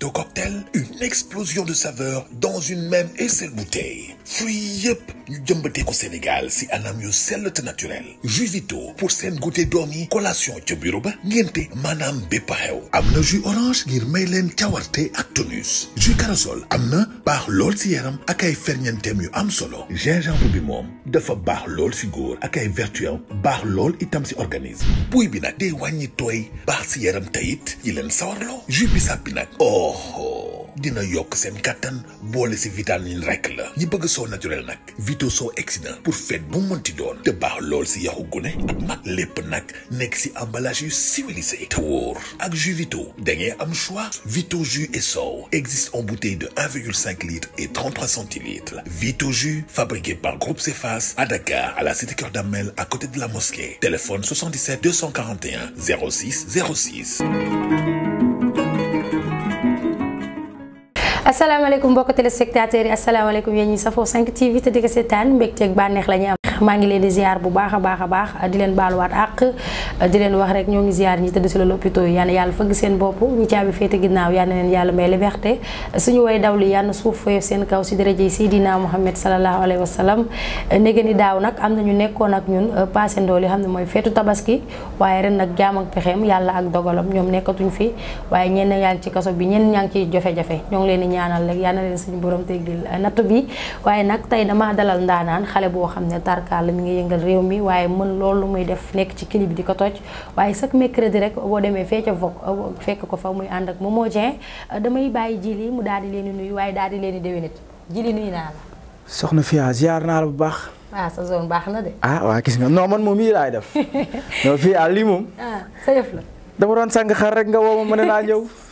누가 une explosion de saveur dans une même et seule bouteille Free yëpp nous sommes au Sénégal c'est anam yu sel naturel Jusito pour seen goûter dormi collation ca bureau ba ngénte bepaheo. bépp jus orange ngir may leen cawarte ak tonus jus corossol amna, na lol si yaram ak ay ferñeenteem yu am solo gingembre bi moom dafa baax lol si gour ak ay vertu itam si organisme Pui bina de day wàññi toy baax si yaram tayit yi leen sawarloo jus oh, oh dina yok sen katan boole ci vitamine rek la ñi bëgg so naturel nak vito soo exsident pour fête bu monti doon te baax lool si yaxu gune ak mag lepp nak nek ci emballage civilisé tour ak jus vito da ngeen am choix vito jus et so existe en bouteille de 1,5 litre et 33 centilitres vito jus fabriqué par Groupe Cefas à Dakar à la cité cœur Damel à côté de la mosquée téléphone 77 241 06 06 asalaamaaleykum mbokk téléspectateurs yi asalaamaaleykum yéen sa safoo 5 TV te di ko seetaan mbégteeg bànneex la ñu am maa ngi leen di ziar bu baax a baax a baax di leen baaluwaat àq di leen wax rek ñoo ngi ziar ñi tëdd si la lopito yi yal na yàlla fëgg seen bopp ñi caabi féete ginnaaw na leen yàlla may liberté yal na suuf fooyof seen kaw si dérëjey wa sallam nege ni daaw nag am na ñu euh, tabaski waaye ren nag jaam pexeem yàlla ak dogalam ñoom nekkatuñ fi waaye ñenn yaa ci kaso bi ñenn yaa ngi ci jafe-jafe ñoo ngi leen di ñaanal rek yal na leen suñu borom teggil natt bi waaye nag tey dama dalal ndaanaan xale boo xam ne tark Dakar la mi ngi yëngal réew mi waaye mën loolu muy def nekk ci clip bi di ko toj waaye chaque mercredi rek boo demee fee ca vok euh, fekk ko fa muy ànd ak Momo euh, bu baax. ah sa zone baax na de. ah waa gis nga non man moom yii laay def non Fia lii moom. Ah, sa yëf la. dama doon sàng xar rek nga woo ma mën naa ñëw.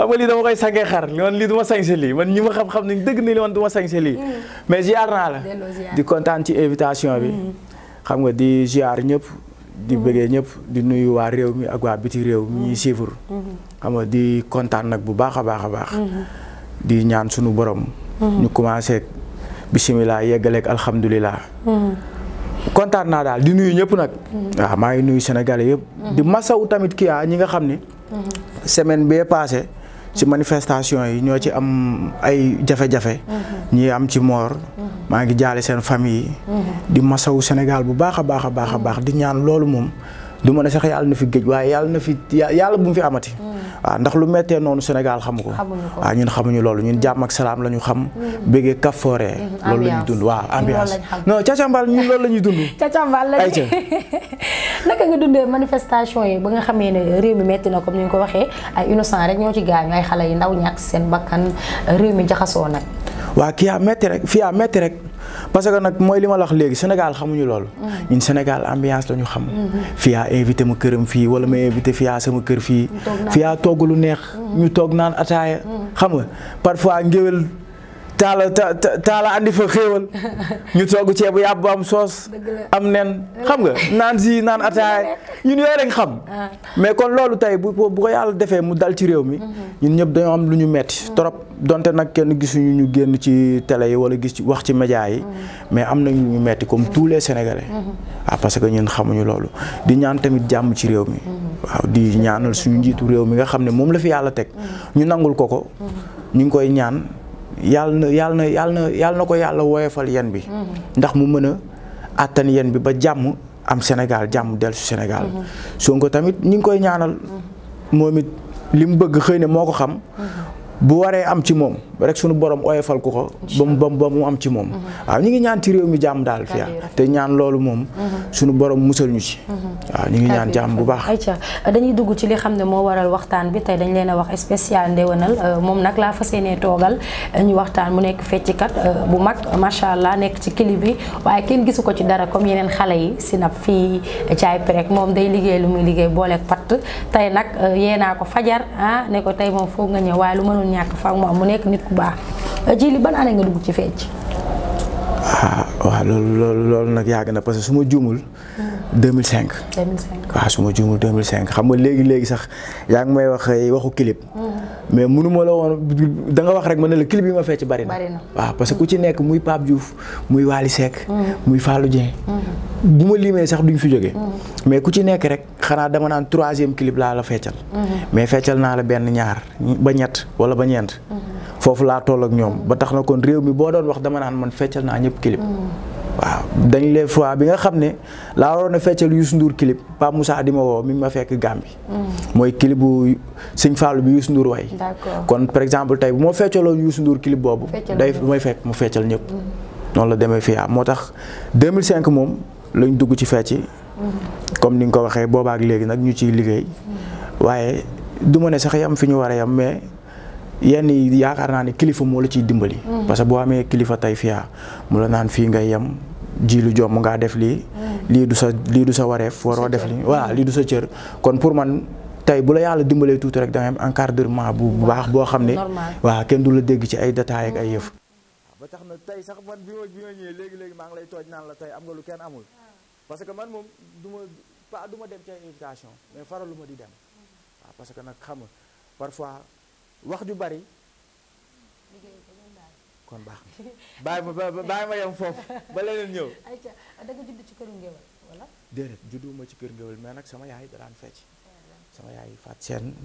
xam nga lii dama koy sàngee xar li man lii du sañse lii xam-xam nañ li mm. mais ziar naa la di kontaan ci invitation bi mm. xam nga di ziar ñëpp di mm. bëggee ñëpp di nuyu waa réew mi ak waa biti réew mi ñuy siifur mm-hmm. xam nga di kontaan nag bu baax a baax a baax mm-hmm. di ñaan sunu borom mm-hmm. ñu commencé bisimilah yeggaleeg alhamdulilah kontaan naa daal di nuyu ñëpp nag waaw maa ngi nuyu sénégalais yëpp di masaw tamit kii ah, ñi nga xam ni semaine bee passé ci manifestation yi ñoo ci am ay jafe-jafe mm-hmm. ñi am ci moor mm-hmm. maa ngi jaale seen famille yi mm-hmm. di masawu Sénégal bu baax a baax a baax a baax di ñaan loolu moom du ma ne sax yàlla na fi géej waaye yàlla na fi yàlla bu mu fi amati. waaw mm. ah, ndax lu méttee noonu Sénégal xamu ko. waaw ah, ñun xamuñu loolu ñun jàmm ak salaam la ñu xam. Mm. bëggee kafoore. Mm-hmm. loolu la ñuy dund waaw ambiance non càccambal ñun loolu la ñuy dund. càccambal lañ naka nga dundee manifestation yi ba nga xamee ne réew mi métti na comme ni ñu ko waxee ay innocent rek ñoo ci gaañu ay xale yu ndaw ñàkk seen bakkan réew mi jaxasoo nag. waa kii rek fii a rek parce que nag mooy li ma la wax léegi Sénégal xamuñu loolu ñun Sénégal ambiance la xam fii a invité ma këram fii wala ma invité fii a sama kër fii fii a togg lu neex ñu toog naan ataaya xam nga parfois ngéwél taala ta taala andi fa xéewal ñu togg ceebu yàpp am soos am nen xam nga naan si naan ataaya ñun yooyu rek xam ah. mais kon loolu tey bu bu ko yàlla defee mu dal ci réew mi mhm. ñun ñëpp dañoo am lu ñu metti mhm. trop donte nag kenn gisuñu ñu génn ci tele yi wala gis ci wax ci média yi mhm. mais am nañu lu ñu metti comme tous les sénégalais ah, parce que ñun xamuñu loolu di ñaan tamit jàmm ci réew mi waaw di ñaanal suñu njiitu réew mi nga xam ne moom la fi yàlla teg ñu nangul ko ko yàlla na yàlla na yàlla na yàlla na ko yàlla woyofal yen bi mm-hmm. ndax mu mën a àttan yen bi ba jàmm am Sénégal jàmm dellu si Sénégal mm-hmm. Sonko tamit ñi ngi koy ñaanal mm-hmm. moom it li mu bëgg xëy na moo ko xam bu waré am ci mom rek suñu borom oyofal ko ko bam bam bam mu am ci mom mhm. wa ñi ngi ñaan ci réew mi jàmm daal fia té ñaan loolu mom mhm. suñu borom mussel ñu ci mhm. wa ñi ngi ñaan jamm bu baax ay ayca dañuy dugg ci li xamné mo waral waxtaan bi tay dañ leena wax spécial ndewenal euh, mom nak la fas yéenee toogal euh, ñu waxtaan mu nekk fecc kat euh, bu mag ma sha allah nekk ci clip bi waye keen gisu ko ci dara comme yenen xalé yi sinap fii caay prek mom day liggéey lu muy liggéey bolé pat tay nak yéena ko fajar ha ah, né ko tay mom fo nga ñëw waaye lu mënu ñàkk fa ak moom mu nekk nit ku baax euh, ji li ban année nga dugg ci fecc ah waaw loolu loolu nag yàgg na parce que su ma juumul. 2005. Hmm. cinq waaw su ma juumul cinq xam nga léegi léegi sax yaa ngi may wax waxu clip. Hmm. mais mënu la woon da nga wax rek ma ne la clip yi ma fecc bari waaw parce que ku ci nekk muy Pape Diouf muy Waly Seck. Mm-hmm. muy Fallou Dieng. Mm-hmm. bu ma limee sax duñ fi jógee. Mm-hmm. mais ku ci nekk rek xanaa dama naan troisième clip laa la feccal. mais feccal naa la benn ñaar ba ñett wala ba ñeent. foofu laa toll ak ñoom ba tax na kon réew mi boo doon wax dama naan man feccal naa ñëpp clip. waaw dañ lee fois bi nga xam ne laa waroon a feccal Youssou Ndour clip Pape Moussa di ma woo mi ma fekk Gambie. Mm. mooy clip bu Sëñ Fallou bi Youssou Ndour way kon par exemple tey bu ma feccaloon Youssou Ndour clip boobu. day may fekk mu feccal ñëpp. Mm. noonu la demee fii moo tax 2005 moom lañ dugg ci fecc. Mm. comme ni nga ko waxee boobaak léegi nag ñu ciy liggéey. waaye du ma ne sax yam fi ñu war a yam mais. yenn yi yaakaar ni kilifa mo la ci dimbali. Mm. parce bo amé kilifa tay fiyaa mu la nan fi nga yam jilu jom nga def li mm. li du sa li du sa wareef waroo def li voilà li du sa cieur mm. kon pour man. tay bu la yalla dimbalé tout rek da ngay am ma bu baax bo xamné wa waaw du la dégg ci ay détails ak ay yef ba tax na sax man bi ma bi ma légui léegi ngi lay toj nan la tay am nga lu kenn amul parce que man mom duma ma pas du dem ci invitation mais faralu ma di dem parce que nak xam parfois wax ju bari kon bax bàyyi ma bàyyi ma yem foofu ba leneen ñëw. ayca da nga judd ci keur ngeewal wala. déedéet judduma ci keur ngeewal mais nak sama yaay ran fecc. sama yaay Fat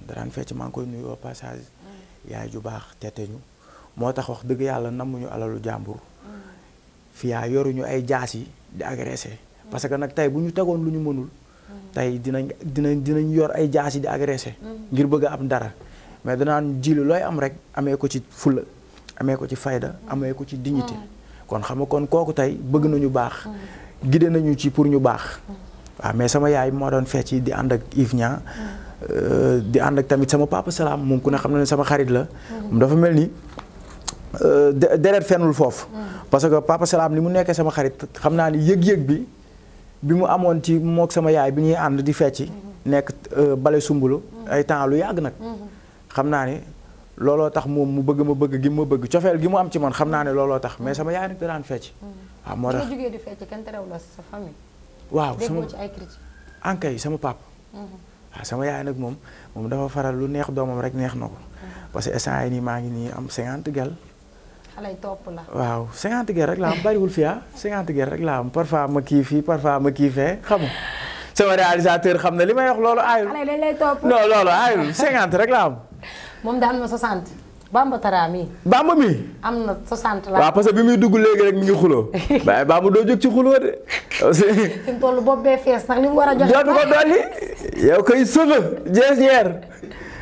da ran fecc ma ngoy nuyu au passage. Mm. yaay ju bax tete ñu. moo tax wax dëgg yàlla namuñu alalu jàmbur. Mm. fiyaa yoruñu ay jaas di agresser mm. parce que nak tay bu ñu tegoon lu ñu mënul. tay dinañ dinañ dinañ yor ay jaas di agresser ngir bëgg am dara. mais danaan jilu looy am rek amee ko ci fulla amee ko ci fayda amee ko ci dignité kon xam nga kon kooku tey bëgg nañu baax gide nañu ci pour ñu baax waaw mais sama yaay moo doon fecc di ànd ak Yves Niang euh, di ànd ak tamit sama papa Salam moom ku xam na ne sama xarit la dafa mel ni euh, deret fenul foofu parce que papa Salam ni mu nekkee sama xarit xam naa ni yëg-yëg bi bi mu amoon ci mook sama yaay bi ñuy ànd di fecc nekk euh, bale sumbulu ay temps lu yàgg nag xam naa ni looloo tax moom mu bëgg ma bëgg gi ma bëgg cofeel gi mu am ci man xam naa ne looloo tax mais sama yaay nag da fecc. Mm. waaw moo tax jógee di fecc kenn terewul sa famille. sama ci mm-hmm. waaw sama yaay nag moom moom dafa faral lu neex doomam rek neex na ko. Mm-hmm. parce que instant yii nii maa ngi nii am 50 gel. xale yi la. waaw 50 gel rek laa am bariwul fii ah 50 gel rek laa am parfois ma kii fii parfois ma kii fee xam sama réalisateur xam na li may wax loolu aayul. xale rek laa moom de am na 60. Bamba Tara mi. Bamba mi. am na 60 la. waaw parce que bi muy dugg léegi rek mi ngi xuloo waaye Bamba doo jóg ci xuloo de. aussi. fi mu toll a yow koy sëfa jees yeer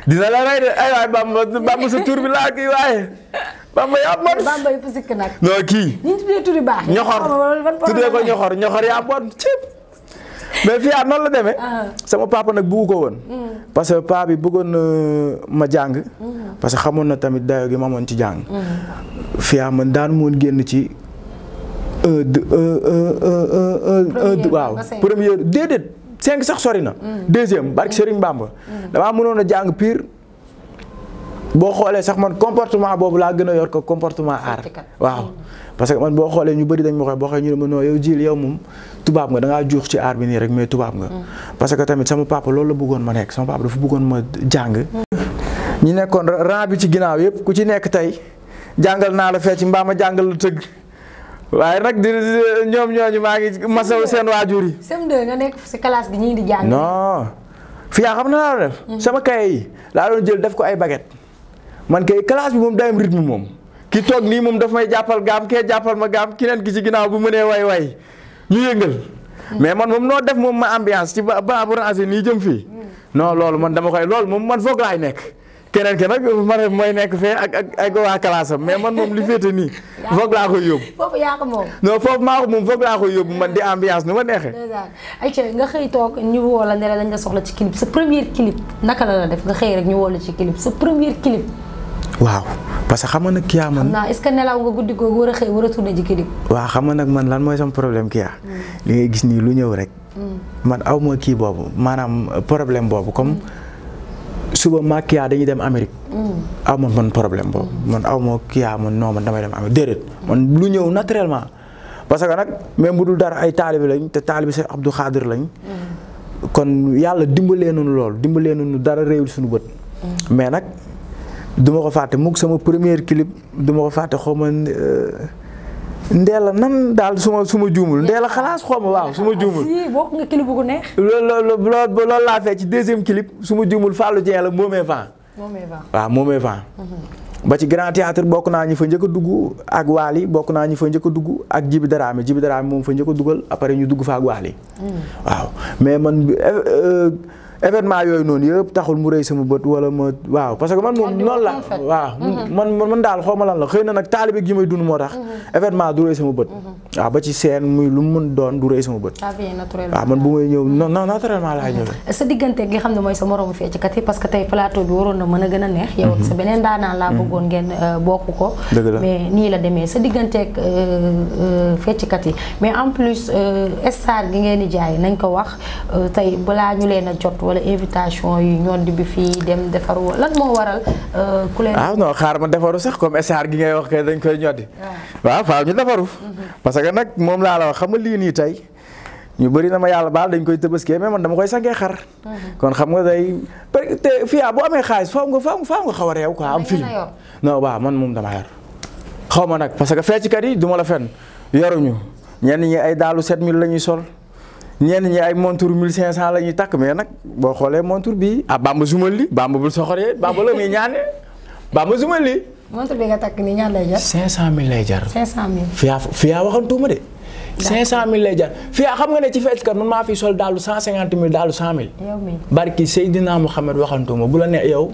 dina la rey de ay waay Bamba Bamba sa tur bi laa kii waaye. Bamba yaa bon Bamba kii. ñu tuddee turi ko ñoxor ñoxor yaa bon ceeb. mais fii ah noonu la demee. Ah. sama papa nag bëggu ko woon. Mm. parce que paa bi bëggoon na euh, ma jàng. Mm. parce que xamoon na tamit dayo gi ma amoon ci jàng. Mm. fii ah, man daan moon génn ci. waaw première déedéet cinq sax sori na. deuxième barke Serigne Bamba. damaa mënoon a jàng pire. boo xoolee sax man comportement boobu laa gën a yor ko comportement aar waaw. parce que man bo xolé ñu bari dañ ma xoy bo xoolee ñu ne ma non yow jil yow mum tubab nga da nga juux ci aar bi nii rek mais tubab nga. Mm. parce que tamit sama papa loolu la bëggoon ma nek sama papa dafa bëggoon ma jang ñi nekkon rang bi ci ginaaw yépp ku ci nekk tay jangal na la fecc mbaa ma jàngal la tëgg. waaye di ñom ñoñu ma ngi masaw seen wajuri sem de nga nekk ci classe gi ñi di jang non fi ya xamna la def. Mm. sama kay la doon jël def ko ay baguette man kay classe bi moom dayam rythme mom ki toog nii moom daf may jàppal gaam kee jàppal ma gaam keneen ki ci ginnaaw bu mënee way way ñu yëngal mais man moom noo def moom ma ambiance ci ba ba branché nii jëm fii no loolu man dama koy loolu moom man foog laay nekk keneen ke mooy nekk fee ak ak ak waa mais man moom li féete nii foog laa koy yóbbu. yaa ko moom. non foofu maa ko moom foog man di ambiance nu ma neexee. ayca nga xëy toog ñu woo la ne la dañ la soxla ci clip sa premier clip naka la la def nga xëy rek ñu woo ci clip sa premier clip. waaw parce que xam nga nag Kia man. xam naa est nelaw nga guddi googu war a xëy war a tourné ji kii waaw xam nga nag man lan mooy sama problème Kia. Hmm. li ngay gis nii lu ñëw rek. Hmm. man aw ma kii boobu maanaam euh, problème boobu comme hmm. suba ma dañuy dem Amérique. aw ma man problème boobu man aw ma Kia man non man damay dem Amérique déedéet man lu ñëw naturellement. parce que nag même bu dul dara ay taalibi lañ te taalibi Seex Abdou Khadir lañ. kon yàlla dimbalee nañu lool dimbalee nañu dara réewul suñu bët. mais nag. du ma ko fàtte mukk sama première clip du ma ko fàtte xaw ma euh, Ndella nan daal su ma su ma juumul xalaas xaw ma waaw su ma ah, juumul. si bokk nga clip bu neex. loolu loolu laa fee ci deuxième clip su ma juumul Fallou la moomee vent. moomee vent moomee vent. Mhm. ba ci grand ñu fa njëkk a dugg ak Waly bokk naa ñu fa njëkk a dugg ak Jibi Daraame Jibi moom fa njëkk a dugal ñu dugg fa ak Waly. Mhm. waaw mais man. Euh, euh, événement yooyu noonu yëpp taxul mu rëy sama bët wala ma waaw parce que man moom noonu la waaw mhm. man man daal xaw la xëy na nag taalibe gi may dund moo tax mhm. événement du rëy sama bët mhm. waaw ba ci seen muy lu mu doon du rëy sama bët waaw man bu may ñëw yi na mën sa laa bëggoon ngeen euh, bokk ko mais nii la demee sa digganteeg euh, euh, fecckat yi mais en plus star gi ngeen di jaay nañ ko wax tey balaa ñu leen a jot wala invitation yu ñoon di bi fii dem defaru lan moo waral euh, ku leen ah, xaar ma defaru sax comme esar gi ngay wax kay dañ koy ñoddi waaw faaw ñu defaru mhm. parce que nag moom laa la wax xam nga lii nii tey ñu bëri na ma yàlla baa dañ koy tëbëskee mais man dama koy sangee xar mhm. kon xam nga day te fia bu amee xaalis faaw nga faaw nga xaw a réew quoi am film non waaw man moom dama yar xaw ma nag parce que fecckat yi du ma la fen yoruñu ñenn ñi ay daalu 7000 la ñuy sol ñenn ñi ay montur 1500 la ñuy takk mais nag boo xoolee montur bii ah bamba zumal li bamba bul soxoree bamba la muy ñaane bamba zumal li bi nga takk nii ñaar lay jar. 500000 lay jar. 500000. fiyaa fiyaa waxantuma de. d' accord 500000 lay jar fiyaa xam nga ne ci fecckat man maa fi sol daalu 150000 daalu 100000. yow mii barki Seydina Mouhamed waxantuma bu la ne yow.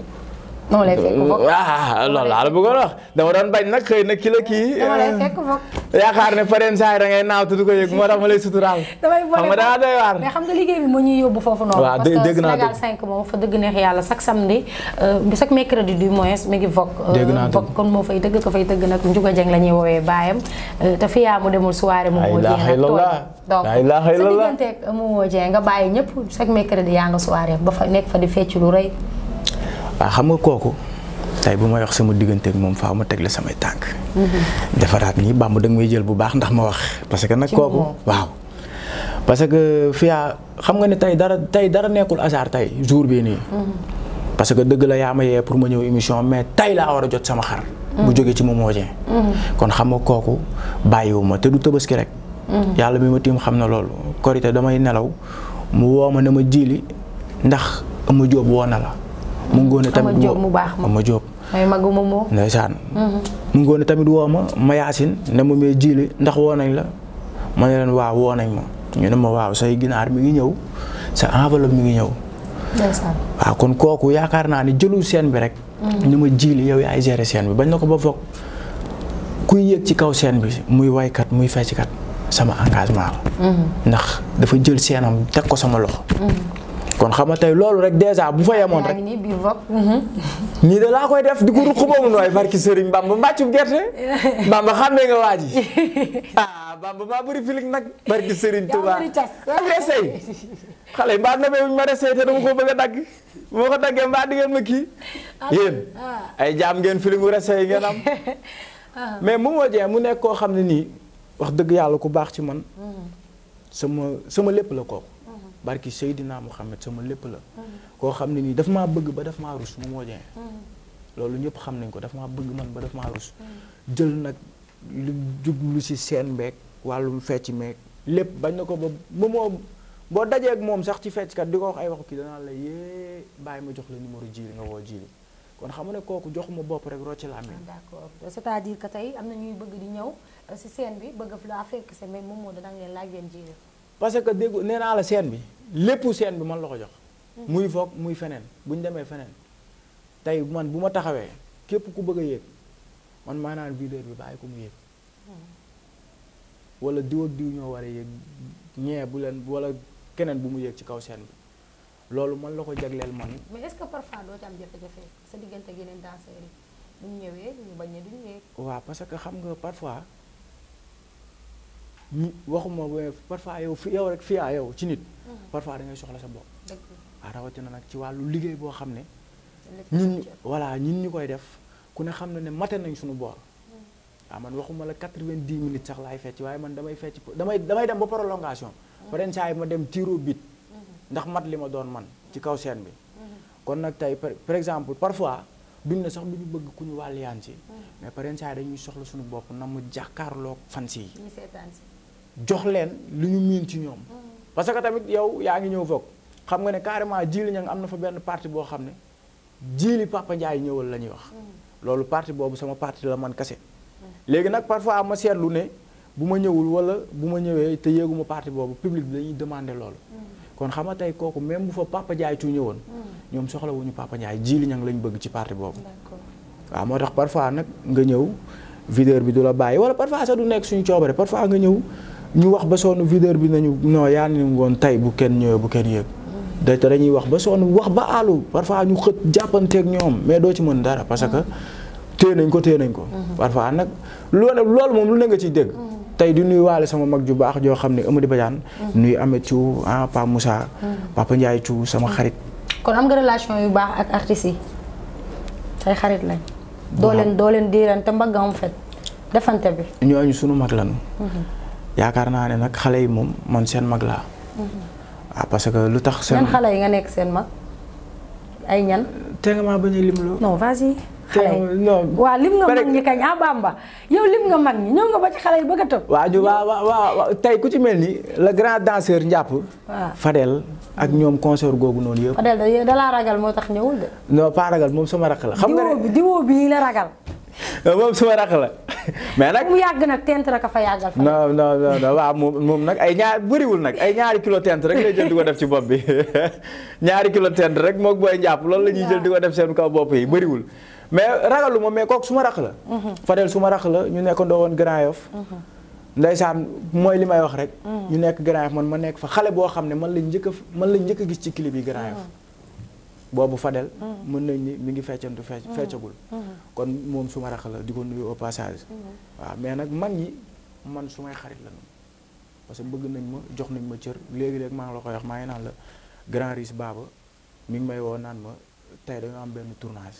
non lay fekk foofu ah, ah loolu laa la bëggoon wax dama doon bañ nag xëy na ki la kii. dama lay euh, fekk foofu. yaakaar ne pareen saa yi da ngay naaw tudd ko yëg moo tax ma waar. mais xam nga liggéey bi moo ñuy yóbbu foofu noonu. waaw dé dégg naa parce que Sénégal 5 moom fa dëgg neex yàlla chaque samedi euh, mi ngi vok. Euh, dégg naa vok kon moo fay dëgg ko fay dëgg nag Ndiouga Dieng la ñuy woowee baayam te fi yaa mu demul soirée mu moo jeex donc sa digganteeg mu moo jeex nga bàyyi ñëpp chaque mercredi yaa nga soirée ba fa nekk fa di fecc lu rëy waaw xam nga kooku tey bu may wax sama digganteeg moom faaw ma tegle sama tank mhm. defaraat ni bàmb dag may jël bu baax ndax ma wax. parce que nak koku waaw. parce que fiya xam nga ni tay dara tay dara nekul hasard tay jour bi ni mhm. parce que deug la ya ma pour ma ñëw émission mais tay la wara jot sama xar. Mhm. bu jógee ci Momo kon xam nga koku bayiwuma te du tabaski rek. yalla bima tim xamna xam korité damay nelaw mu woma ma ne ma ndax amu job wonala mu ngóone tamit woo mu baax ma ma jóob may ma moo ndeysaan mhm. mu ngóone tamit woo ma ma yaasin ne ma mee jiili ndax woo nañ la ma ne leen waaw woo nañ ma ñu ne ma waaw say ginaar mi ngi ñëw sa enveloppe mi ngi ñëw waaw kon kooku yaakaar naa ni jëlul seen bi rek mhm. ni ma jiili yow yaay gérer seen bi bañ na ko ba foog kuy yéeg ci kaw seen bi muy waykat muy feccikat sama engagement la mhm. ndax dafa jël seenam teg ko sama loxo kon xam nga tey loolu rek dèjà bu fa yemoon rek. ñii mhm. de laa koy def di ko ruq boobu nooy barki sëriñ Bamba mbàccum gerte. Bamba xàmmee nga waa ji ah Bamba maa bëri filig nag barki sëriñ Tuubaa resey xale yi mbaa nabewuñ ma resey te dama ko bëgg a dagg moo ko daggee mbaa di ngeen ma kii ah. yéen ah. ay jaam ngeen filimu resey ngeen am ah. mais mu moo jee mu nekk koo xam ne nii wax dëgg yàlla ku baax ci man mm. sama sama lépp la kooku barki Seydina Mouhamed sama lépp la. Mm-hmm. koo xam ne nii daf maa bëgg ba daf maa rus mu moo jeen mm-hmm. loolu ñëpp xam nañ ko daf maa bëgg man ba daf maa rus. Mm-hmm. jël nag lu jublu si seen mbeeg wàllum fecc meeg lépp bañ na ko ba ba moo boo dajee ak moom sax ci fecckat di ko wax ay waxu kii danaa la yee bàyyi ma jox la numéro jiili nga woo jiili kon xam nga ne kooku joxuma bopp rek rocc la amee. Ah, d'accord cest à tey am na ñuy bëgg di ñëw si euh, scène bi bëgg fa laa fekk moom moo da nga leen parce que dégg nee naa la seen bi lépp seen bi man la ko jox. Mm-hmm. muy foog muy feneen bu ñu demee feneen tey man bu ma taxawee képp ku bëgg a yéeg man maanaam videur bi bàyyi ko mu yéeg. Mm-hmm. wala diw ak diw ñoo war a yéeg ñee bu leen wala keneen bu mu yéeg ci kaw seen bi. loolu man la ko jagleel man. mais est-ce que parfois doo ci am jafe-jafe sa diggante ak yeneen danseurs yi bu ñu ñëwee ñu bañ ne duñu yéeg. waaw parce que xam nga parfois. waxuma parfois yow fi yow rek fii à yow ci nit. Hmm. parfois da ngay soxla sa bopp. waaw ah, rawatina nag ci wàllu liggéey boo xam ne. ñun voilà ñun ñu koy def ku ne xam na ne mate nañ suñu boor. waaw hmm. ah, man waxuma la quatre-vingt-dix minutes sax laay fecc waaye man damay fecc damay damay dem ba prolongation. Hmm. beneen saa yi ma dem tiro bit. ndax mat li ma doon man ci kaw scène bi. kon nag tey par exemple parfois duñ ne sax duñu bëgg ku ñu wàlliyaan si. mais pareen dañuy soxla suñu bopp na mu jàkkaarloog fan si. jox leen lu ñu miin ci ñoom. Mm. parce que tamit yow yaa ngi ñëw foog xam nga ne carrément jiili ña am na fa benn parti boo xam ne jiili Papa Ndiaye ñëwal lañuy wax. Mm. loolu parti boobu sama parti la man kese. Mm. léegi nag parfois ma seetlu ne bu ma ñëwul wala bu ma ñëwee te yéeguma parti boobu public bi dañuy demander loolu. kon xam nga tey kooku même bu fa Papa Ndiaye woon ñëwoon. ñoom soxlawuñu Papa Ndiaye jiili ña lañ bëgg ci parti boobu. waaw moo tax parfois nag nga ñëw videur bi du la bàyyi wala parfois sax du nekk suñu coobare parfois nga ñëw. ñu wax ba sonn videur bi nañu non yaa ni woon tey bu kenn ñëwee bu kenn yëg da dañuy wax ba sonn wax ba àllu parfois ñu xët jàppanteeg ñoom mais doo ci mën dara parce que téye nañ ko téye nañ ko mhm. parfois nag lu ne loolu moom ne nga ciy dégg mhm. tey di nuy waale sama mag ju baax joo xam ne Amady Badiane mhm. nuy Ameth Thiou ah Pape Moussa Papa Ndiaye Thiou sama xarit kon am nga relation yu baax ak artistes yi say xarit lañ doo leen doo leen diirante mbagg am fet defante bi ñooñu sunu mag lañu yaakaar naa ne nag xale yi moom man seen mag laa. Mhm. ah parce que lu tax seen. xale yi nga nekk seen mag ay ñan. te nga maa bañ a lim loo. non vas xale yi waaw lim ah, lim nga mag ñi ñëw nga ba ci xale yi bëgg a tëb. waa ju tey ku ci mel ni la grand danseur njàpp. waaw Fadel ak ñoom concert googu noonu yëpp. Fadel da dalaa ragal moo tax ñëwul de. non pas ragal moom sama rakk la. xam nga ne diwoo bi diwoo bii la ragal. moom suma rakk la mais nag. mu yàgg nag tent rek a fa yàggal. non non non waaw moom moom nag ay ñaar bëriwul nag ay ñaari kilo tent rek lay jël di ko def ci bopp bi ñaari kilo tent rek moog booy njàpp loolu la ñuy jël di ko def seen kaw bopp yi bëriwul. mais ragalu ma mais kooku suma rakk la. Mhm. Fadel suma rakk la ñu nekk ndoo Grand Yoff. Mhm. Ndeysaan mooy li may wax rek. Mhm. ñu nekk Grand Yoff man ma nekk fa xale boo xam ne man lañ njëkk a man lañ njëkk a gis boobu Fadel. Mm. mën nañ ni mi ngi feccantu fe mm. feccagul. Mm. kon moom suma ma rax la di ko nuyu au passage. waaw mais nag mag ñi man sumay xarit la parce que bëgg nañ ma jox nañ ma cër léegi-léegi maa ngi la koy wax maa ngi naan la grand risque baaba mi ngi may woo naan ma tey dañoo am benn tournage.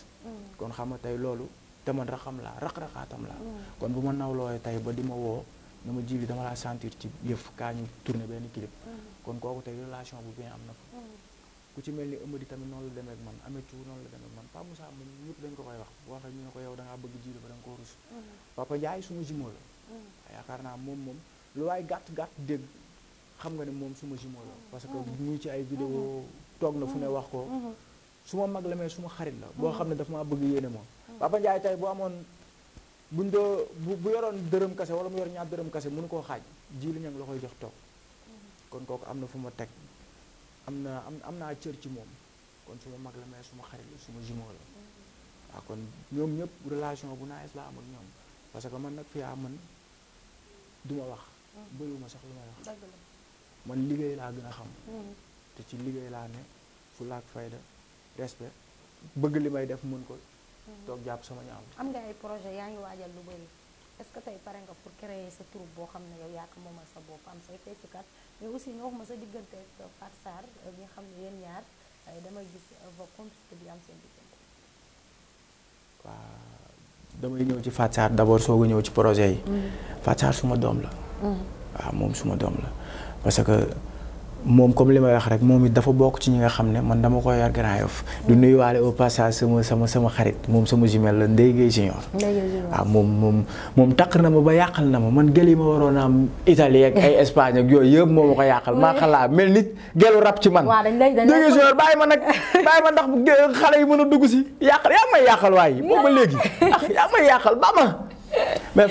kon xam nga tey loolu te man raxam laa rax-raxaatam laa. kon bu ma nawlooyee tey ba di ma woo na ma ji bi dama laa sentir ci yëf kaa ñu tourné benn clip. kon kooku tey bu bien am na ko. ku ci melni ni ëmadi tamit noonu la demee ak man amee cu noonu la demee ak man Pa Moussa moom ñëpp dañ ko koy wax wax ñu ne ko yow da ngaa bëgg jiitu ba da nga koo rus mm. Papa Ndiaye suma jumeau la mm. yaakaar naa moom moom lu waaye gàtt gàtt dégg xam nga ne moom suma jumeau la parce que ñu mm. ci ay vidéo mm-hmm. toog na fu ne mm-hmm. wax ko mm-hmm. suma mag la mais suma xarit la boo xam ne dafa maa bëgg yéene ma Papa Ndiaye tey bu amoon buñ doo bu yoroon dërëm kase wala mu yor ñaar dërëm kase mënu koo xaaj ji li ñangi la koy jox toog kon kooku am na fu ma teg am naa am am naa cër ci moom kon ma mag la mais suma xarit la suma jumeau la waaw kon ñoom ñëpp relation bu naagis la am ñoom parce que man nag fiyaa man du wax mm. bëriwuma sax lu may wax man liggéey laa gën a xam mm. te ci liggéey laa ne fu laak fayda respect bëgg li may def mën ko mm. toog jàpp sama ñaam am nga ay projet yaa ngi waajal lu bëri est-ce que tey pare nga pour créer sa troupe boo xam ne yow yaa ko moomal sa bopp am say fecckat mais aussi nga waxuma sa diggante ak Fatou Sarr xam ne yéen ñaar damay gis va complicité bi am seen diggante. waaw damay ñëw ci Fatou Sarr d'abord soog ñëw ci projet yi. Mm-hmm. Fatou Sarr suma doom la. Mm-hmm. waaw moom suma doom la parce que. moom comme li may wax rek moom it dafa bokk ci ñi nga xam ne man dama ko yar Grand Yoff du nuyuwaale au passage sama sama sama xarit moom sama jumelle la Ndeye Gueye Junior moom moom moom takk na ma ba yàqal na ma man gel yi ma waroon a am Italie ak ay yooyu yëpp moo ma ko yàqal maa mel nit gelu rab ci man Ndeye ma nag bàyyi dugg si yàqal yaa may ah,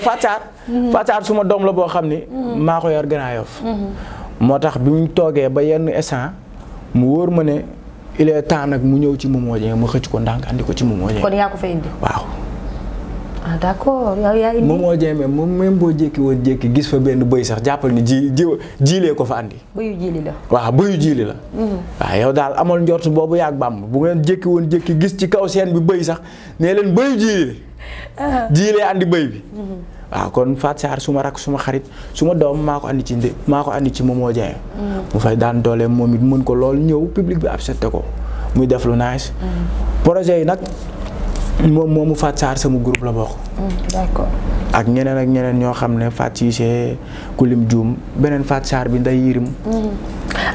mm-hmm. suma doom la boo xam ni mm-hmm. maa ko yor Grand Yoff mm-hmm. moo tax bi mu toogee ba yenn instant mu wóor ma ne il est temps nag mu ñëw ci moo Dieng ma xëcc ko ndànk andi ko ci Momo Dieng. kon yaa ko fa indi. waaw. ah d'accord yow yaa indi. Momo moom même boo jékki woon jékki gis fa benn bëy sax jàppal ni ji ji jiilee ko fa andi. bëyu jiili la. waaw bëyu la. Mhm. yow daal amal njort boobu yàgg bàmb bu ngeen jékki woon jëkki gis ci kaw seen bi bëy sax nee leen bëyu jiili. Ah. jiilee andi bëy bi. Mhm. waaw kon Fatou Sarr suma rak suma xarit suma doom maa ko andi ci maa ko andi ci Momo Dieng mm. mu fay daan doole moom it mën ko lool ñëw public bi accepté ko muy def lu nice mm. projet yi nag moom moomu Fatou Sarr sama groupe la bokk mm, d'accord ak ñeneen ak ñeneen ñoo xam ne Fatou Cissé kulim Dioum beneen Fatou Sarr bi nday yërim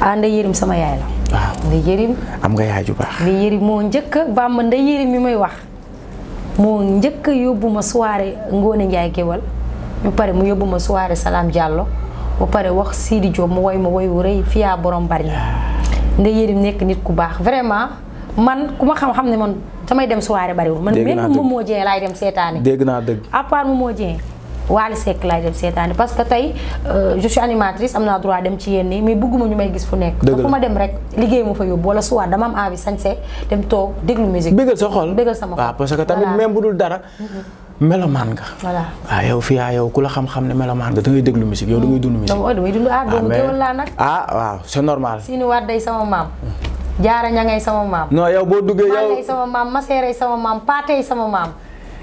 ah nday yërim sama yaay la waaw nday yërim am nga yaay ju baax nday yërim moo njëkk bàmb nday yërim mi muy wax moo njëkk a yóbbu ma soirée Ngoné Ndiaye Géwal ñu pare mu yóbbu ma soirée Salam Diallo ba pare wax Sidi Diop mu woy ma woy wu rëy fii borom bari na nda yérim nekk nit ku baax vraiment man ku ma xam-xam ne man samay dem soirée bariwul man même Momo Dieng laay dem seetaani dégg naa dëgg à part Momo Dieng Wally sek lay dem setan parce que tay euh, je suis animatrice amna droit dem ci yenni mais bëgguma ñu may gis fu nek te ma dem rek liggéey mu fa yob wala soit dama am avis sañse dem tok déglu musique bëggal sa xol bëggal sama xol parce que tamit même bu dul dara mm-hmm. meloman nga. voilà waaw yow fi ya ah, yow kula xam-xam ne meloman nga da ngay déglu musique yow da ngay dund musique. waaw dund ah, ah doomu géwël wala nak ah waaw c'est normal. Sini Wade day sama mam, Jaara ñay sama mam. non yow bo duggé yow. maa ngay sama maam Maseeray sama mam, paté sama mam.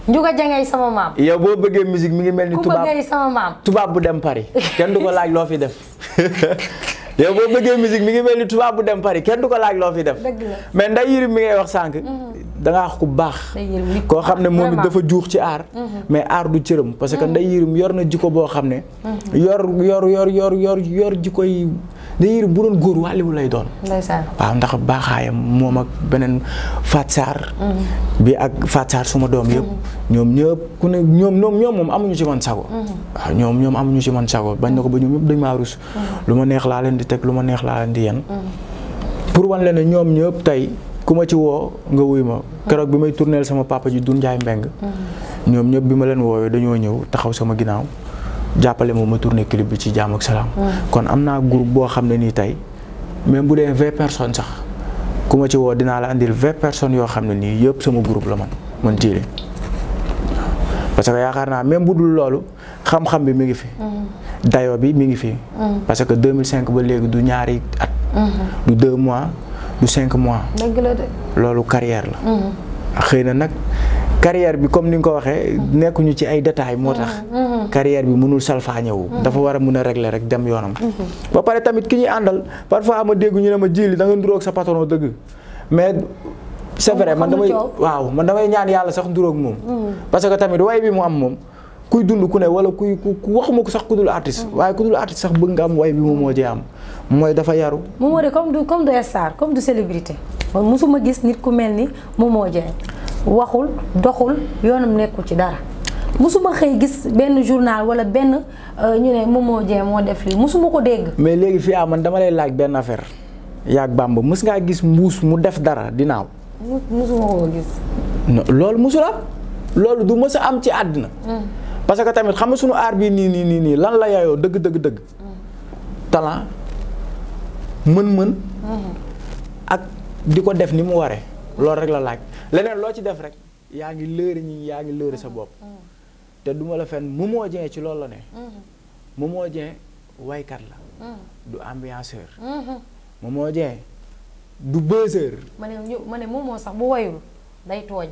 Ndiouga jangay sama maam. yow boo bëggee musique mi ngi mel ni. tubaab ku tubaab bu dem Paris kenn du ko laaj loo fi def. yow boo bëggee musique mi ngi mel ni tubaab bu dem Paris kenn du ko laaj loo fi def mais nday yirim mi ngay wax sànq mhm. danga wax ku baax koo xam ne moom dafa juux ci aar mhm. mais aar du cëram parce que mhm. nday yirim yor na jikko boo xam ne yor yor yor yor yor yor jikko yi nday yirim bu doon góor wàlliwu lay doon waaw ndax baaxaayam moom ak beneen Fat Sarr bi ak Fat suma doom yëpp ñoom ñëpp ku ne ñoom ñoom ñoom moom amuñu ci man sago waaw ñoom ñoom amuñu ci man sago bañ na ko ba ñoom ñëpp dañ maa rus lu ma neex laa leen di teg lu ma neex laa leen di yen mm. pour wan leen ne ñoom ñëpp tey ku ma ci woo nga wuy ma keroog bi may tourneel sama papa ji Doudou Ndiaye Mbengue mm. ñoom ñëpp bi ma leen woowee dañoo ñëw taxaw sama ginnaaw jàppale moom ma tourné clip bi ci jàmm ak salaam mm. kon am naa group boo xam ne nii tey même bu dee vingt personnes sax ku ma ci woo dinaa la indil vingt personnes yoo xam ne nii yëpp sama groupe la man man Djily parce que yaakaar naa même bu dul loolu xam-xam bi mu ngi fi. Mm-hmm. dayo bi mi ngi fi. Mm-hmm. parce que 2005 ba léegi du ñaari at. Mm-hmm. du deux mois du cinq mois. dëgg la loolu carrière la. xëy na nag carrière bi comme ni nga ko waxee nekkuñu ci ay détails moo tax. carrière bi mënul salfaañewu dafa war a mën a régler rek dem yoonam. ba pare tamit ki ñuy àndal parfois ma dégg ñu ne ma jili da nga nduróog sa patron dëgg mais. c'est vrai man damay waaw man damay ñaan yàlla sax nduróog moom. parce que tamit way kuy dund ku ne wala kuy ku waxuma ko sax ku dul artiste. Mm. waaye ku dul artiste sax bëgg nga am way bi moom moo jee am mooy dafa yaru. moom moo de comme du comme du star comme du célébrité man mosuma gis nit ku mel ni moom moo jee waxul doxul yoonam nekkul ci dara. musuma xëy gis benn journal wala benn euh, ñu ne Momo Dieng moo def lii musuma ko dégg. mais léegi fii ah man dama lay laaj benn affaire yaag mës ngaa gis mbuus mu def dara dinaaw. musuma ko gis. non loolu musul loolu du mës a am ci àddina. Mm. parce que tamit xam suñu art bi ni ni ni lan la yayo deug deug deug talent ak di def ni mu waré lool rek la laaj leneen lo ci def rek yaangi leer ni yaangi leer sa bop te duma la mu Momo Dieng ci lool la mo Momo way wai la du ambianceur Momo Dieng du buzzer mané mané ma mo sax bu wayul day togn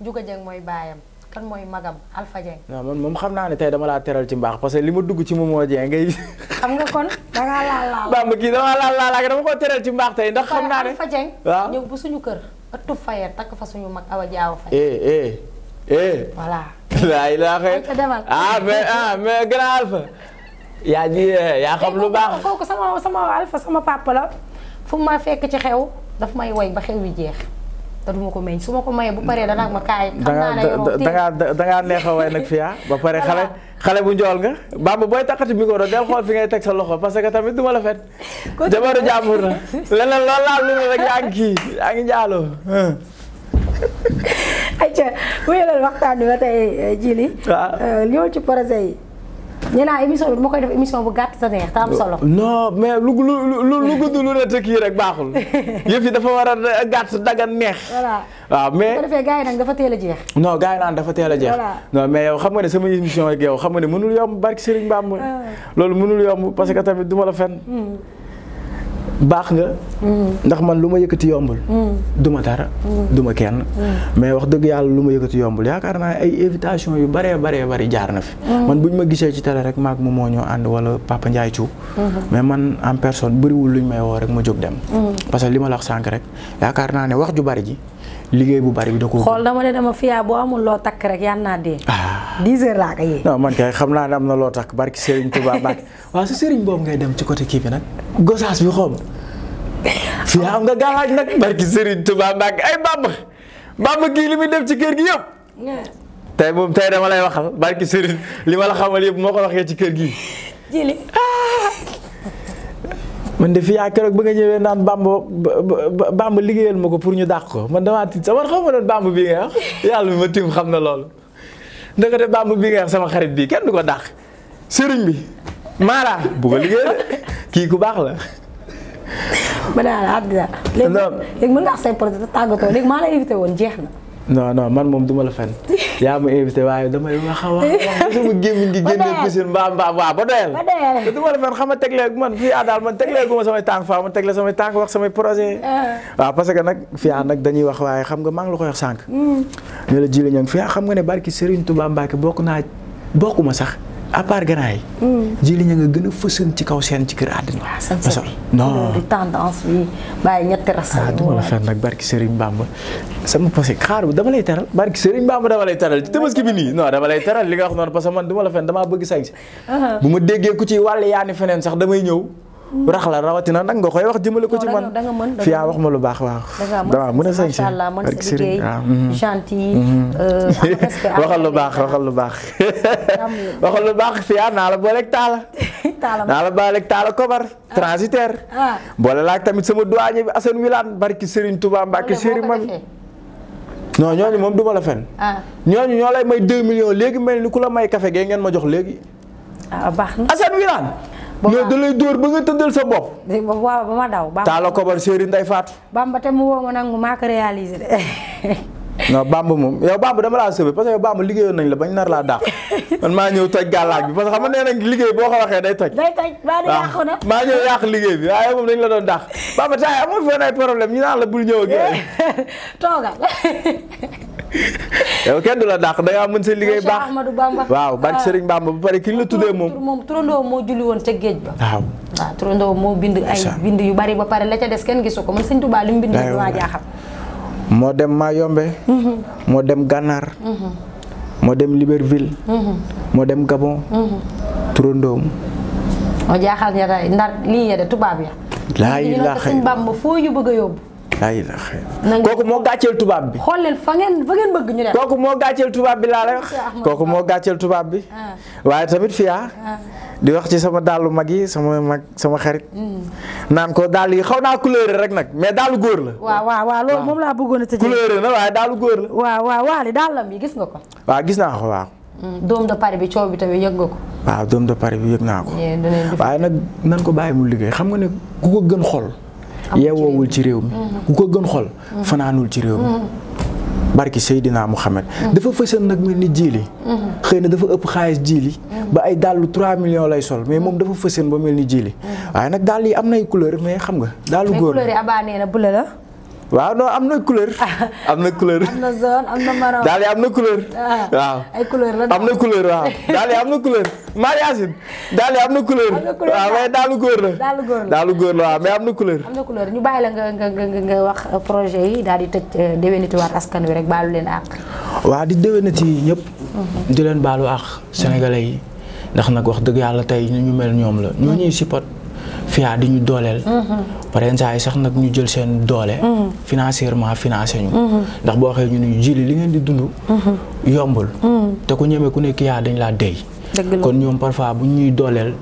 juga jeng moy bayam kan mooy magam alfa Dieng. waaw man moom xam naa ne tey dama laa teral ci mbaax parce li ma dugg ci Momo Dieng ngay. xam nga kon da ngaa laal laal. bamba laal laal dama koo teral ci mbaax tey ndax. xam naa ne ñëw bu suñu kër fa fayer takk fa suñu mag awa jaaw fay. eh eh eh. laa ah, ah, xëy yaa xam lu baax eh, kooku sama sama sama papa la fu ma fekk ci xew daf may woy ba xew yi jeex. te du ko may su ko mayee bu paree danaa ma kaay. xam a ah. ba pare xale xale bu njool nga. Bamba booy takkati micro del ngay teg sa loxo parce que tamit du ma la fet. jabaru jàmbur na leneen loolu laal lu ne rek yaa ngi kii yaa ngi njaaloo. ayca wéyalal waxtaan bi ba tey eh, jili. waaw euh, ci projet yi. nee naa émission bi ma koy def émission bu gàtt sa neex te am solo. Oh, non mais lu lu lu lu gudd lu rëtt kii rek baaxul yëf yi dafa war a gàtt daga neex. voilà waaw mais bu ko defee gars nag dafa teel a jeex. non gars naan dafa teel a jeex. non mais yow xam nga ne sama émission ak yow xam nga ne mënul yomb barki Serigne Bamba. Ah. loolu munul yomb parce que tamit duma la fen hmm. baax nga. Mm-hmm. ndax man lu ma yëkkati yombul. Mm-hmm. du ma dara. Mm-hmm. du ma kenn. mais wax dëgg yàlla lu ma yëkkati yombul yaakaar naa ay invitation yu baree baree bari jaar na fi. man bu ñu ma gisee ci télé rek maak moom moo ñoo ànd wala Papa Ndiaye Thiou. mais man en personne lu ñu may woo rek ma jóg dem. parce que li ma la wax sànq rek yaakaar naa ne wax ju bari ji. liggéey bu bari bi da ko. xool dama ne dama fiyaa boo amul loo takk rek yaan naa dee. Ah. dix laa ko yee. non man kay xam naa ne am na loo takk barki Serigne Touba Mbacke waaw si Serigne boobu ngay dem ci côté kii bi nag. gosaas bi xom fii am nga galaaj nag barki Serigne Touba Mbacke ay Bamba Bamba kii li muy def ci kër gi yëpp. tey moom tey dama lay waxal barki Serigne li ma la xamal yëpp moo ko waxee ci kër gi. man de fi yaa keroog ba nga ñëwee naan bamb bamb liggéeyal ma ko pour ñu dàq ko man damaa tiit sama xaw ma doon bamb bii nga wax yàlla bi ma tiim xam na loolu ndaka de bamb bii nga wax sama xarit bii kenn du ko dàq sëriñ bi maara bu ko liggéeyal kii ku baax la. ma daal Abdoulaye. léegi léegi mën maa la invité woon jeex na. non non man moom duma la fen yaa ma invité waaye damay wax a wax sama mbaa ba doyal ba doyal du ma defoon xam nga teglee man fii daal man teglee gu ma samay tànk faa ma tegle samay tànk wax samay projet ah. waaw parce que nag fii nag dañuy wax waaye xam nga maa ngi la koy wax sànq hmm. ne la jili ñang fii xam nga ne barki Serigne Touba Mbacke bokk naa bokkuma sax à part grand yi. Hmm. jëli ña nga gën a ci kaw seen ci kër àddina. waaw ah, sën non du tendance bi bàyyi ñetti rase. ah du ma la fen nag barki Serigne Bamba sama posé xaar dama lay teral barki Serigne Bamba dama lay teral ci tabaski nii non dama lay teral li nga noonu parce man du la fen damaa bëgg sañ si. Uh-huh. bu ma déggee ku ci wàll yaa ni feneen sax damay ñëw. rax la rawatina nag nga koy wax jëmale ko ci man fiyaa wax ma lu baax waaw waaw mën a sañ si barki sëriñ waaw waxal lu baax waxal lu baax waxal lu baax fiyaa naa la booleeg taala naa la booleeg taala kobar ah. transitaire ah. boole laa tamit sama duwaañe bi Assane Wilane barki sëriñ Touba Mbacke sëriñ man non ñooñu moom duma la fen ah. ñooñu ñoo lay may 2 millions léegi mel ni ku la may café gee ngeen ma jox léegi Assane Wilane mais da lay dóor ba nga tëddal sa bopp. dégg nga waaw ba ma daw. Bamba taala kobar séeri nday faatu. Bamba te mu woo ma nag mu maa ko réalisé de. non Bamba moom yow Bamba dama laa sëbe parce que yow Bamba liggéeyoon nañ la bañ nar laa dàq man maa ñëw toj gàllaaj bi parce que xam nga nee nañ liggéey boo ko waxee day toj. day toj maa ñëw yàq liggéey bi waaye moom dañ la doon dàq Bamba taay amul fenn ay problème ñu naan la bul ñëw ak yooyu. toogal. yow kenn du la dàq da ngaa mën sa liggéey baax Ahmadou Bamba waaw barke ah. Serigne ba pare ki la tuddee moom moom turandoo moo julli woon ca géej ba waaw waaw ah, turandoo moo bind ay bind yu bari ba pare la ca des kenn gisu ko man Serigne Touba li mu bind maa jaaxal moo dem Mayombe mhm. moo dem Gànnaar mhm. moo dem Libreville mhm. moo dem Gabon turandoom moo jaaxal ña tey ndar lii ya tubaab ya laa ilaaha Serigne Bamba foo ñu bëgg a yóbbu kooku moo gàcceel tubaab bi. xoolal fa ngeen fa ngeen bëgg ñu bi lay wax. bi. Ah. Ah, ah. di wax ci sama dalu magi sama mag sama xarit. Hmm. nan ko dal yi xawna couleur rek nak mais dalu góor la. wa wa wa loolu mom la bëggoon te couleur na waaye dalu góor la. wa wa li dalam yi gis nga ko. wa gis na ko wa hmm, dom de Paris bi ciow bi tawé ko. wa dom de Paris bi yegg na ko. waaye nak nan ko baye mu xam nga ne ku ko gën xol yeewoowul ci réew mi ku ko gën xol fanaanul ci réew mi barki Seydina Mouhamed dafa fësal nag mel ni jiili xëy na dafa ëpp xaalis jiili ba ay dàllu 3 millions lay sol mais moom dafa fësal ba mel ni jiili waaye nag dàll yi am nay couleur mais xam nga dàllu góor mais couleur yi abaa nee na bu la la waaw non am na couleur. am na couleur am na am na marron. Ah, waaw ay couleur la am na couleur waaw daal am na couleur. Mariasine daal am na couleur. am na couleur waaw mais daalu góor la. daalu góor la waaw mais am na couleur. am na couleur ñu bàyyi la nga nga nga nga wax projet yi daal di tëj euh, déwéniti waat askan wi rek baalu leen ak waaw di déwéniti ñëpp. Mhm. di leen baal àq sénégalais yi ndax nag wax dëgg yàlla tey ñu mel ñoom la ñoo mhm. ñuy support. fiyaa di ñu dooleel. par exemple saa yi sax nag ñu jël seen doole. Mm-hmm. financièrement financé ñu. Mm-hmm. ndax boo waxee ñu ni jili li ngeen di dund. Mm-hmm. yombul. te ku ñeme ku nekk yaa dañ laa dey. kon ñoom parfois bu ñuy dooleel.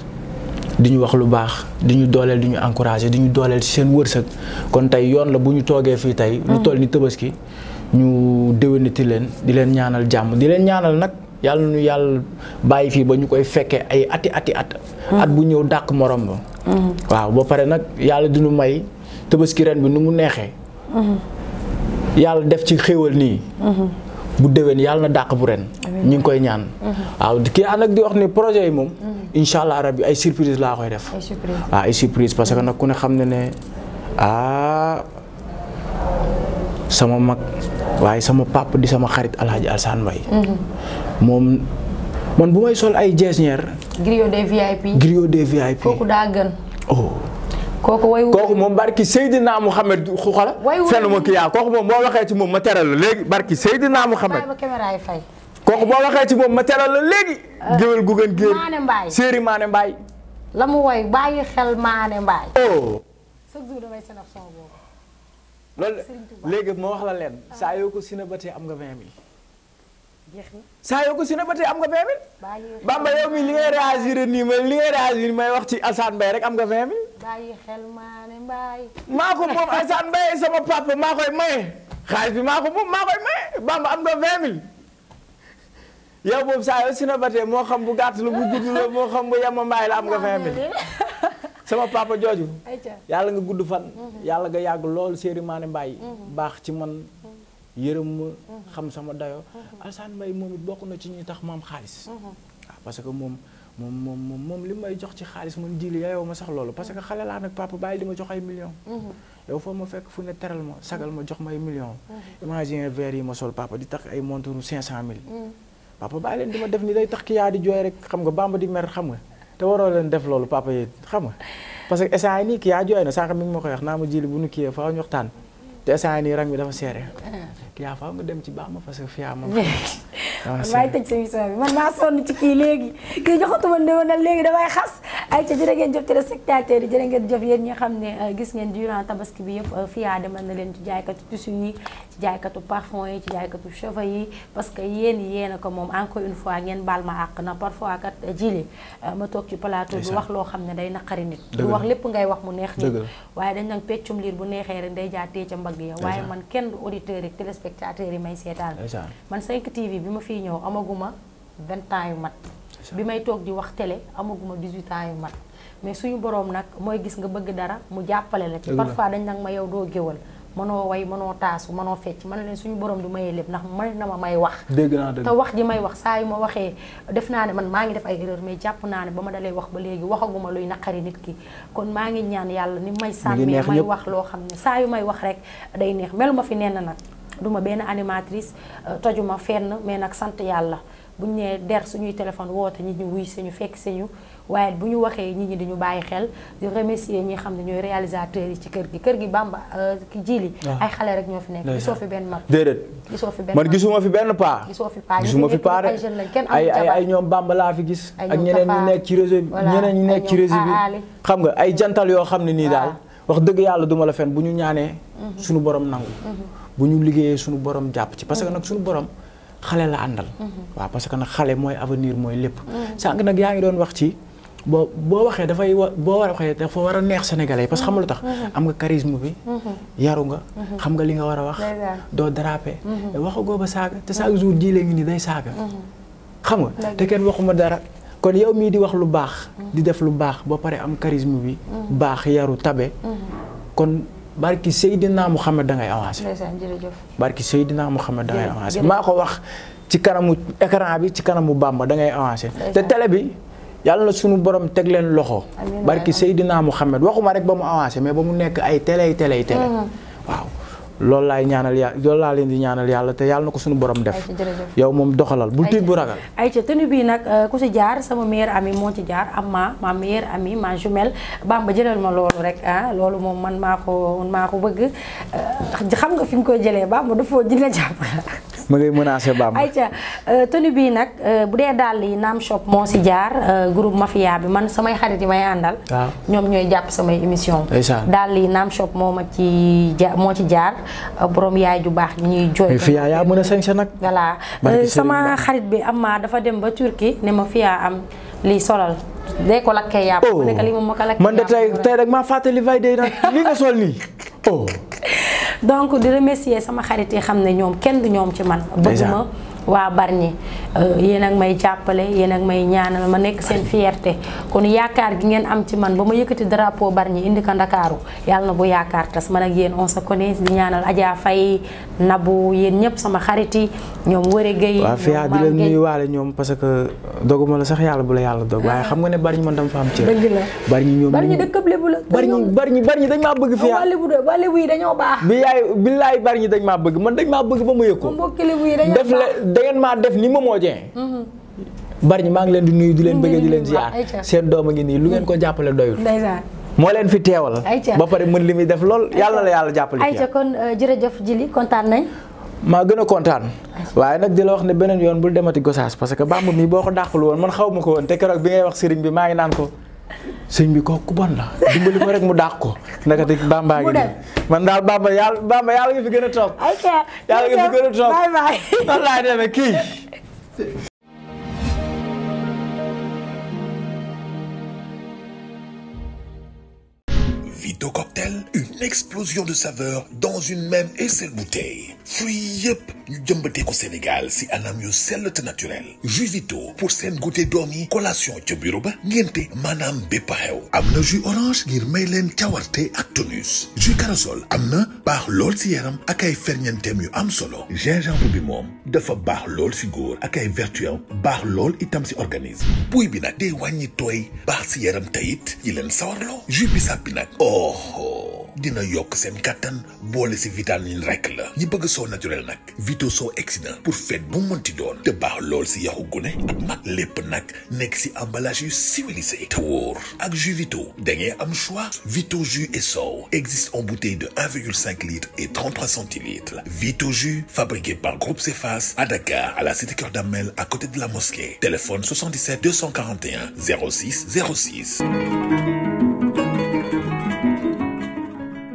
di ñu wax lu baax di ñu dooleel di ñu encouragé di ñu dooleel ci seen wërsëg kon tey yoon la bu ñu toogee fii tey. lu toll ni Tabaski ñu déwéniti leen di leen ñaanal jàmm di leen ñaanal nag. yàlla nu yàlla bàyyi fii ba ñu koy fekkee ay ati ati at. Mm-hmm. at bu ñëw dàq morom ba. Mm-hmm. waaw ba pare nag yàlla dinu may tabaski ren bi nu mu neexee. Mm-hmm. yàlla def ci xéewal nii. bu déwén yàlla dàq bu ren. ñu ngi koy ñaan. waaw kii ànd ak di wax ni projet yi moom. incha allah rabi ay surprise laa koy def. ay surprise waaw ay surprise parce que nag ku ne xam ne ne ah, sama mag. waaye sama papa di sama xarit Alhaji Alsaan Mbay mhm. moom man bu may sol ay jeesñeer. griot des VIP. griot des VIP. kooku daa gën. oh. kooku waywul kooku moom barki Seydina Mouhamed xoolal. waywul fenn ma ki yaa kooku moom boo waxee ci moom ma teral la léegi barki Seydina Mouhamed. ma caméra yi fay. kooku boo waxee ci moom ma teral la léegi. Euh, géwél gu gën géer Maane Mbaay séeri Maane Mbaay. la mu woy bàyyi xel Maane Mbaay. Oh. loolu léegi moo wax la leen ah. saa yoo ko sinabatee am nga 20000. saa yoo ko sinabatee am nga 20000. Bamba yow mi li ngay réagir nii may li ngay réagir may wax ci Alsaan Mbaye rek am nga 20000. bàyyi xel maa ne mbaay. maa ko moom Alsaan Mbaye sama papa maa koy maye xaalis bi maa ko moom maa koy maye Bamba am nga 20000. yow boobu saa yoo sinabatee moo xam bu gàtt la bu gudd la moo xam bu yemambaay la am nga 20000. sama papa jooju yàlla nga gudd fan mhm. yàlla nga yàgg loolu séeri maane mbaay mhm. baax ci man mhm. yërëm ma xam sama dayo Alassane Mbaye moom it bokk na ci ñuy tax maam xaalis waaw ah, parce que moom moom moom moom li may jox ci xaalis man jili yayoo ma sax loolu parce que xale laa nag papa bàyyi di ma jox ay millions yow foo ma fekk fu ne teral ma sagal ma jox ma ay millions imagine verre yi ma sol papa di tax ay montre cinq cent mille papa bàyyi leen di ma def ni day tax ki yaa di jooy rek xam nga bamba di mer xam nga te waroo leen def loolu papa yi xam nga parce que instant yii nii kii yaa jooy na sànq mi ngi ma naa ma jili bu nu kiyee faaw ñu waxtaan te instant yii nii rang bi dafa seere ah. kii yaa faaw nga dem ci baax ma parce que fii yaa ma. waaw tëj sa émission bi man maa sonn ci kii léegi kii joxatuma ne ma léegi damay xas. ay ca jërë ngeen jëf téléspectateurs yi jërë ngeen jëf yéen ñi xam ne euh, gis ngeen durant tabaski bi yëpp euh, Fia demal na leen ci jaaykatu tissu yi ci jaaykatu parfum yi ci jaaykatu cheveux yi parce que yéen yéen ko moom encore une fois ngeen baal ma àq na parfois kat euh, jili ma toog ci plateau bi wax loo xam ne day naqari nit du wax lépp ngay wax mu neex nit waaye dañ nag peccum liir bu neexee rek day jaatee ca mbagg ya waaye man kenn du auditeurs yi téléspectateurs yi may seetaan man 5 TV bi ma fiy ñëw amaguma vingt ans yu mat bi may toog di wax télé amaguma 18 ans yu mat mais suñu boroom nag mooy gis nga bëgg dara mu jàppale la ci parfois dañ nag ma yow doo géwal mënoo way mënoo taasu mënoo fecc mën na leen suñu borom du mayee lépp ndax mën na ma may wax te wax ji may wax yu ma waxee def naa ne man maa ngi def ay erreur mais jàpp naa ne ba ma dalee wax ba léegi waxaguma luy naqari nit ki kon maa ngi ñaan yàlla ni may sàmmee may wax loo xam ne saa yu may wax rek day neex melu ma fi nenn nag duma benn animatrice euh, tojuma fenn mais nag sant yàlla bu ñu nee der suñuy téléphone woote nit ñi wuy suñu fekk suñu waaye bu ñu waxee nit ñi dañu bàyyi xel di remercier ñi xam ne ñooy réalisateur yi ci kër gi kër gi bàmb euh, ki jili ah. ay xale rek ñoo fi nekk gisoo fi benn mag gisuma fi benn paa gisoo fi paa gisuma fi paa rek ay ñoom Bamba laa fi gis ak ñeneen ñi nekk ci réseau bi ñeneen ñi nekk ci réseau bi xam nga ay jantal yoo xam ne nii daal wax dëgg yàlla duma la fen bu ñu ñaanee mhm. suñu borom nangu mhm. bu ñu liggéeyee suñu borom jàpp ci parce que mhm. nag suñu borom xale la àndal. Mhm. waaw parce que nag xale mooy avenir mooy lépp. Mhm. sànq nag yaa ngi doon wax ci boo boo waxee dafay wa boo waxee dafa war a neex sénégalais parce que xam lu tax. Mhm. am nga charisme bi. yaru nga. xam nga li nga war a wax. doo dérapé. waxagoo a saaga te chaque jour jii léegi nii day saaga. xam nga te kenn waxuma dara. kon yow mii di wax lu baax. di def lu baax ba pare am charisme bi. baax yaru tabe kon. barki Seydina Mouhamed da ngay avancé. barki Seydina Mouhamed da ngay avancé. maa ko wax ci kanamu écran bi ci kanamu Bamba da ngay avancé. te tele bi yàlla na sunu borom teg leen loxo. barki Seydina Mouhamed waxuma rek ba mu avancé mais ba mu nekk ay télé télé télé. Mm-hmm. waaw. loolu laay ñaanal yàlla loolu laa leen di ñaanal yàlla te yàlla na ko suñu borom def yow moom doxalal bul tiit bu ragal ayca tenue bii nag euh, ku ci jaar sama meilleure amie moo ci jaar am ma ma meilleure amie ma baam ba jëlal ma loolu rek ah loolu moom man maa ko maa ko bëgg euh, xam nga fi nga koy jëlee Bamba dafoo defoo jàpp la ma ngay menacé Bamba. ayca euh, tenue bii nag euh, bu dee dàll yi naam shop moo ci jaar euh, groupe mafia bi man samay xarit yi may àndal. ñoom ñooy jàpp samay émission dàll yi naam shop moo ma ci ja moo ci jaar borom yaay ju baax ñuy jooy. fi yaa yaa a sañse nag. voilà sama xarit bi am maa dafa dem ba Turquie ne ma fiyaa am lii solal. dee ko lakkee yàpp. Oh. ma ne ko lii moom moo ko lakkee yàpp fàttali vay day nag lii nga sol nii. Oh. donc di remercier sama xarit yi xam ne ñoom kenn ñoom ci man bëgguma waa Bargny Eh, yéen ak may jappalé yéen ak may ñaanal ma nek seen fierté kon yaakar gi ngeen am ci man bama yëkëti drapeau barñi indi ka dakaru yalla na bu yaakar tas man ak yéen on se connaît di ñaanal Adja fay nabu yéen ñëpp sama xariti ñom wëré geey gay fi ya di leen nuyu walé ñom parce que doguma la sax yalla bu la yalla dog waye ah. xam nga ne barñi man dam fa am ci dëgg la Bargny ñoom Bargny dëkkab lébu la barñi barñi barñi dañ ma bëgg ya walé bu do walé yi dañu baax bi yaay billahi barñi dañ ma bëgg man dañ ma bëgg ba ma yëg dañu def la da ma def ni mo Dieng mhm. bari ñi ma ngi leen di nuyu di leen bëggee di leen ziar seen doom ngi ni lu ngeen ko jàppale doyul mo leen fi teewal ba pare mën limi def lool yalla la yalla yàlla ay ayca kon euh, jërëjëf jili contane nañ ma gëna contane waye nak di la wax ni benen yoon bul demati gossage parce que bamb mi boko ko won man xaw ko won te kërok bi ngay wax serigne bi ma ngi nan ko serigne bi ko ku bon la dimbali ko rek mu dakh ko naka te bamba gi man dal bamba yalla bamba yalla nga fi gëna top ay toog yalla nga fi gëna top bye bye wallahi demee ki Fish. une explosion de saveurs dans une même et seule bouteille Fuyep, yëpp ñu ko Sénégal si anam yu sell naturel Jusito pour seen goûter dormi. collation ca bureau ba ngénte maanaam bépp jus orange ngir may actonus. ak tonus jus corossol amna, na l'ol si yaram ak ay am solo gingembre bi moom dafa l'ol lool si gour ak ay vertu baax itam si organisme Puibina bi nag day bar tooy baax si yaram tayit yi jus oh, oh dina yok sen katan bolé ci vitamine rek la ñi bëgg naturel vito excellent pour fête bu monti doon te si yaxu gune ak emballage civilisé Tour. ak jus vito da ngeen am choix vito jus et so existe en bouteille de 1,5 litre et 33 centilitres vito fabriqué par Groupe Cefas à Dakar à la cité cœur Damel à côté de la mosquée téléphone 77 241 06 06